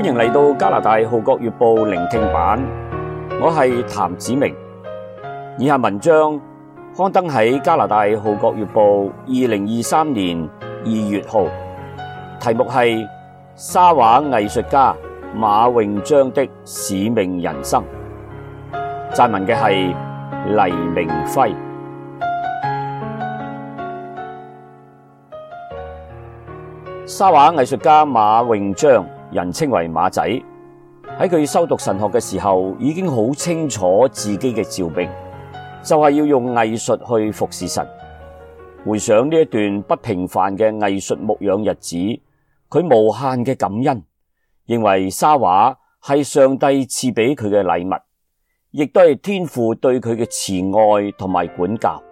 歡迎嚟到加拿大《號角月報》聆聽版，我係譚子明。以下文章刊登喺加拿大《號角月報》二零二三年二月號，題目係沙畫藝術家馬穎章的使命人生。撰文嘅係黎明輝。沙畫藝術家馬穎章。人稱為馬仔，喺佢修讀神學嘅時候，已經好清楚自己嘅召命，就係要用藝術去服侍神。回想呢一段不平凡嘅藝術牧養日子，佢無限嘅感恩，認為沙畫係上帝賜俾佢嘅禮物，亦都係天父對佢嘅慈愛同埋管教，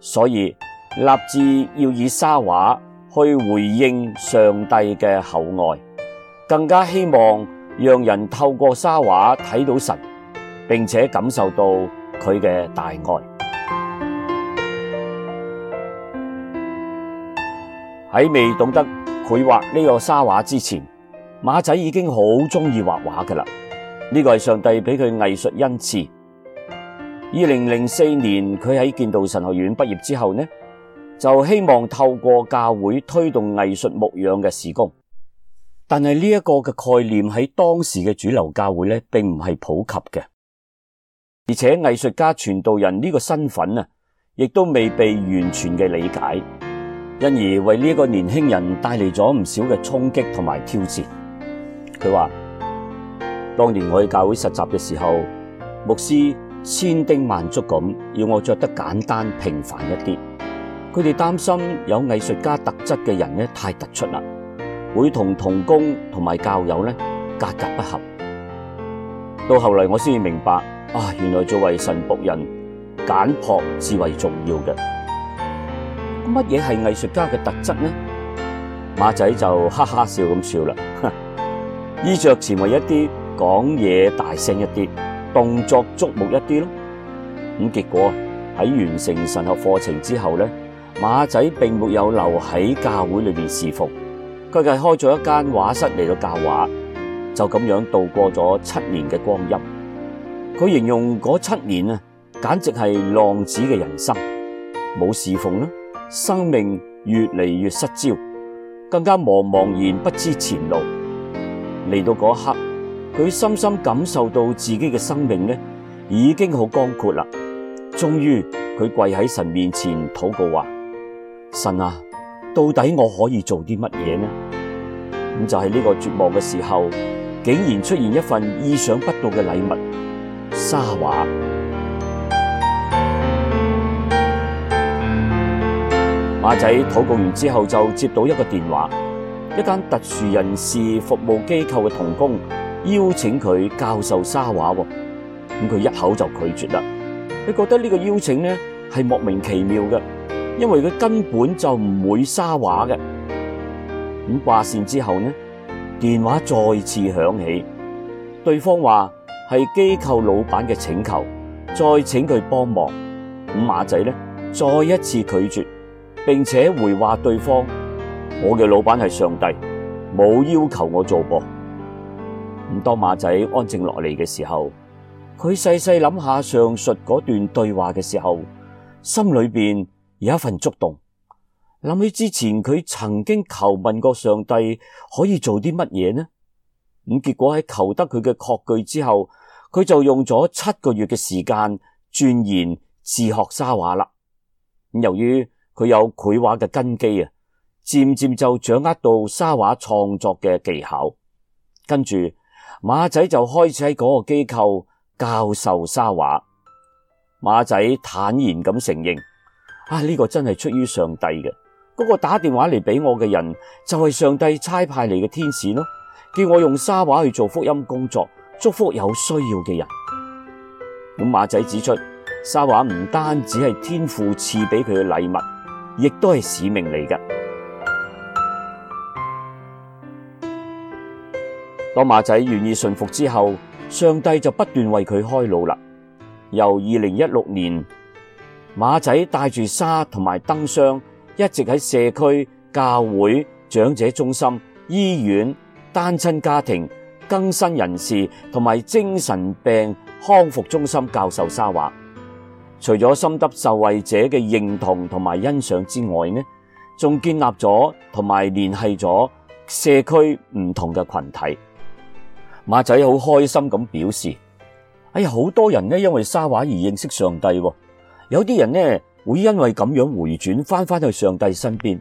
所以立志要以沙畫去回應上帝嘅厚愛。更加希望讓人透過沙畫睇到神，並且感受到佢嘅大愛。喺未懂得繪畫呢個沙畫之前，馬仔已經好中意畫畫噶啦。呢個係上帝俾佢藝術恩賜。二零零四年，佢喺建道神學院畢業之後呢，就希望透過教會推動藝術牧養嘅事工。但係呢一個嘅概念喺當時嘅主流教會咧，並唔係普及嘅，而且藝術家傳道人呢個身份啊，亦都未被完全嘅理解，因而為呢一個年輕人帶嚟咗唔少嘅衝擊同埋挑戰。佢話：當年我去教會實習嘅時候，牧師千叮萬囑咁，要我着得簡單平凡一啲。佢哋擔心有藝術家特質嘅人咧，太突出啦。會同同工同埋教友呢，格格不合，到後來我先至明白啊，原來作為神僕人簡樸至為重要嘅。乜、啊、嘢係藝術家嘅特質呢？馬仔就哈哈笑咁笑啦，衣着前衛一啲，講嘢大聲一啲，動作矚目一啲咯。咁、啊、結果喺完成神學課程之後呢，馬仔並沒有留喺教會裏面侍奉。佢係開咗一間畫室嚟到教畫，就咁樣度過咗七年嘅光陰。佢形容嗰七年啊，簡直係浪子嘅人生，冇侍奉啦，生命越嚟越失焦，更加茫茫然不知前路。嚟到嗰一刻，佢深深感受到自己嘅生命呢已經好乾涸啦。終於，佢跪喺神面前禱告話：神啊！到底我可以做啲乜嘢呢？咁就係呢個絕望嘅時候，竟然出現一份意想不到嘅禮物——沙畫。馬仔禱告完之後就接到一個電話，一間特殊人士服務機構嘅同工邀請佢教授沙畫，咁佢一口就拒絕啦。佢覺得呢個邀請呢係莫名其妙嘅。因為佢根本就唔會沙畫嘅。咁掛線之後呢，電話再次響起，對方話係機構老板嘅請求，再請佢幫忙。咁馬仔呢，再一次拒絕，并且回話對方：我嘅老板係上帝，冇要求我做噃。咁當馬仔安靜落嚟嘅時候，佢細細諗下上述嗰段對話嘅時候，心裏邊。有一份觸動，諗起之前佢曾經求問過上帝可以做啲乜嘢呢？咁結果喺求得佢嘅確據之後，佢就用咗七個月嘅時間鑽研自學沙畫啦。咁由於佢有繪畫嘅根基啊，漸漸就掌握到沙畫創作嘅技巧。跟住馬仔就開始喺嗰個機構教授沙畫。馬仔坦然咁承認。啊！呢、這個真係出於上帝嘅，嗰、那個打電話嚟俾我嘅人就係、是、上帝差派嚟嘅天使咯，叫我用沙畫去做福音工作，祝福有需要嘅人。咁馬仔指出，沙畫唔單止係天父賜俾佢嘅禮物，亦都係使命嚟嘅。當馬仔願意順服之後，上帝就不斷為佢開路啦。由二零一六年。馬仔帶住沙同埋燈箱，一直喺社區、教會、長者中心、醫院、單親家庭、更生人士同埋精神病康復中心教授沙畫。除咗深得受惠者嘅認同同埋欣賞之外，呢仲建立咗同埋聯繫咗社區唔同嘅群體。馬仔好開心咁表示：「哎呀，好多人呢，因為沙畫而認識上帝。有啲人呢，會因為咁樣回轉翻翻去上帝身邊，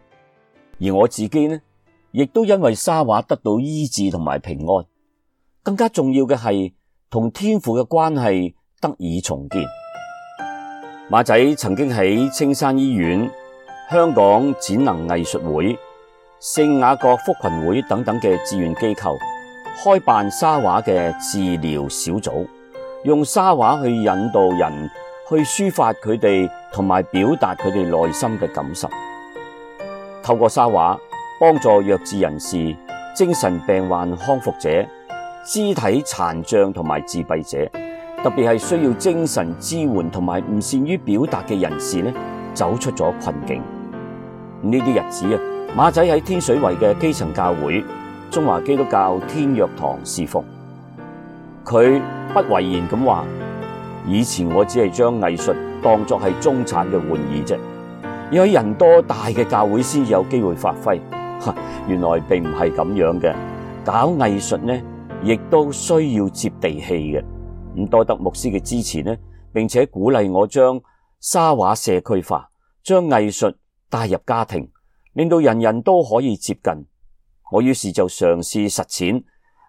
而我自己呢亦都因為沙畫得到醫治同埋平安，更加重要嘅係同天父嘅關係得以重建。馬仔曾經喺青山醫院、香港展能藝術會、聖雅各福群會等等嘅志願機構開辦沙畫嘅治療小組，用沙畫去引導人。去抒發佢哋同埋表達佢哋內心嘅感受，透過沙畫幫助弱智人士、精神病患康復者、肢體殘障同埋自閉者，特別係需要精神支援同埋唔善於表達嘅人士呢，走出咗困境。呢啲日子啊，馬仔喺天水圍嘅基層教會中華基督教天約堂侍奉，佢不諱言咁話。以前我只係將藝術當作係中產嘅玩意啫，要喺人多大嘅教會先有機會發揮。哈，原來並唔係咁樣嘅，搞藝術呢亦都需要接地氣嘅。咁多得牧師嘅支持呢，並且鼓勵我將沙畫社區化，將藝術帶入家庭，令到人人都可以接近。我於是就嘗試實踐，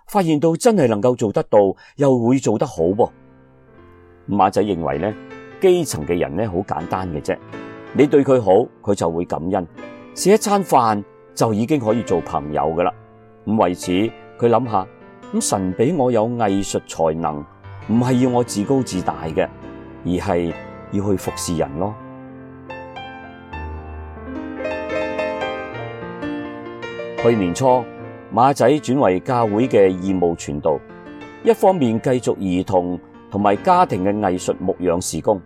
發現到真係能夠做得到，又會做得好噃。馬仔認為咧，基層嘅人咧，好簡單嘅啫，你對佢好，佢就會感恩，食一餐飯就已經可以做朋友噶啦。咁為此，佢諗下，咁神俾我有藝術才能，唔係要我自高自大嘅，而係要去服侍人咯。去年初，馬仔轉為教會嘅義務傳道，一方面繼續兒童。同埋家庭嘅藝術牧養事工，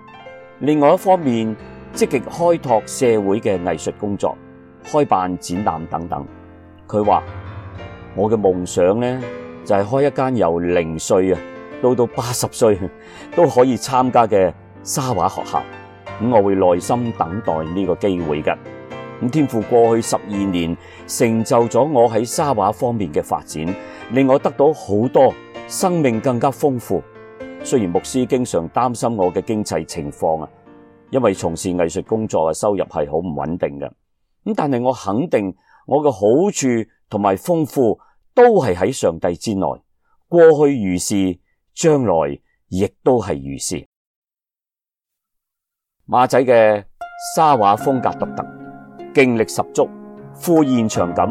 另外一方面積極開拓社會嘅藝術工作，開辦展覽等等。佢話，我嘅夢想咧就係、是、開一間由零歲啊到到八十歲都可以參加嘅沙畫學校。咁我會耐心等待呢個機會嘅。咁天父過去十二年成就咗我喺沙畫方面嘅發展，令我得到好多生命更加豐富。雖然牧師經常擔心我嘅經濟情況啊，因為從事藝術工作嘅收入係好唔穩定嘅。咁但係我肯定我嘅好處同埋豐富都係喺上帝之內。過去如是，將來亦都係如是。馬仔嘅沙畫風格獨特，勁力十足，富現場感，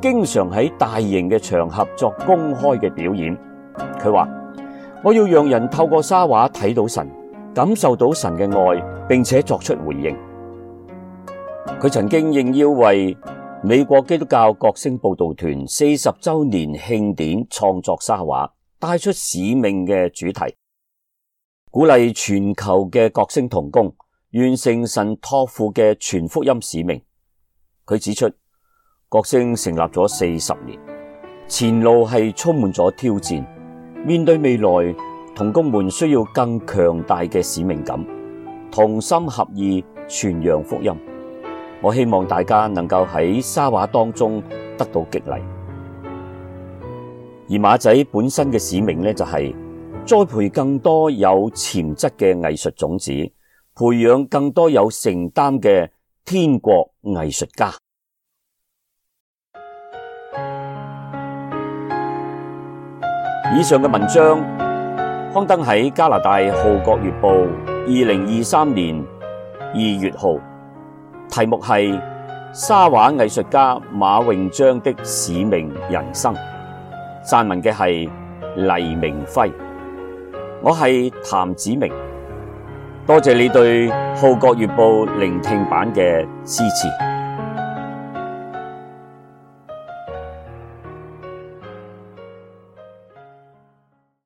經常喺大型嘅場合作公開嘅表演。佢話。我要讓人透過沙畫睇到神，感受到神嘅愛，並且作出回應。佢曾經應邀為美國基督教國聲報道團四十周年慶典創作沙畫，帶出使命嘅主題，鼓勵全球嘅國聲同工完成神託付嘅全福音使命。佢指出，國聲成立咗四十年，前路係充滿咗挑戰。面對未來，同工們需要更強大嘅使命感，同心合意傳揚福音。我希望大家能夠喺沙畫當中得到激勵，而馬仔本身嘅使命呢，就係栽培更多有潛質嘅藝術種子，培養更多有承擔嘅天國藝術家。以上嘅文章刊登喺加拿大《號角月報》二零二三年二月號，題目係《沙畫藝術家馬穎章的使命人生》，撰文嘅係黎明輝，我係譚子明，多謝你對《號角月報》聆聽版嘅支持。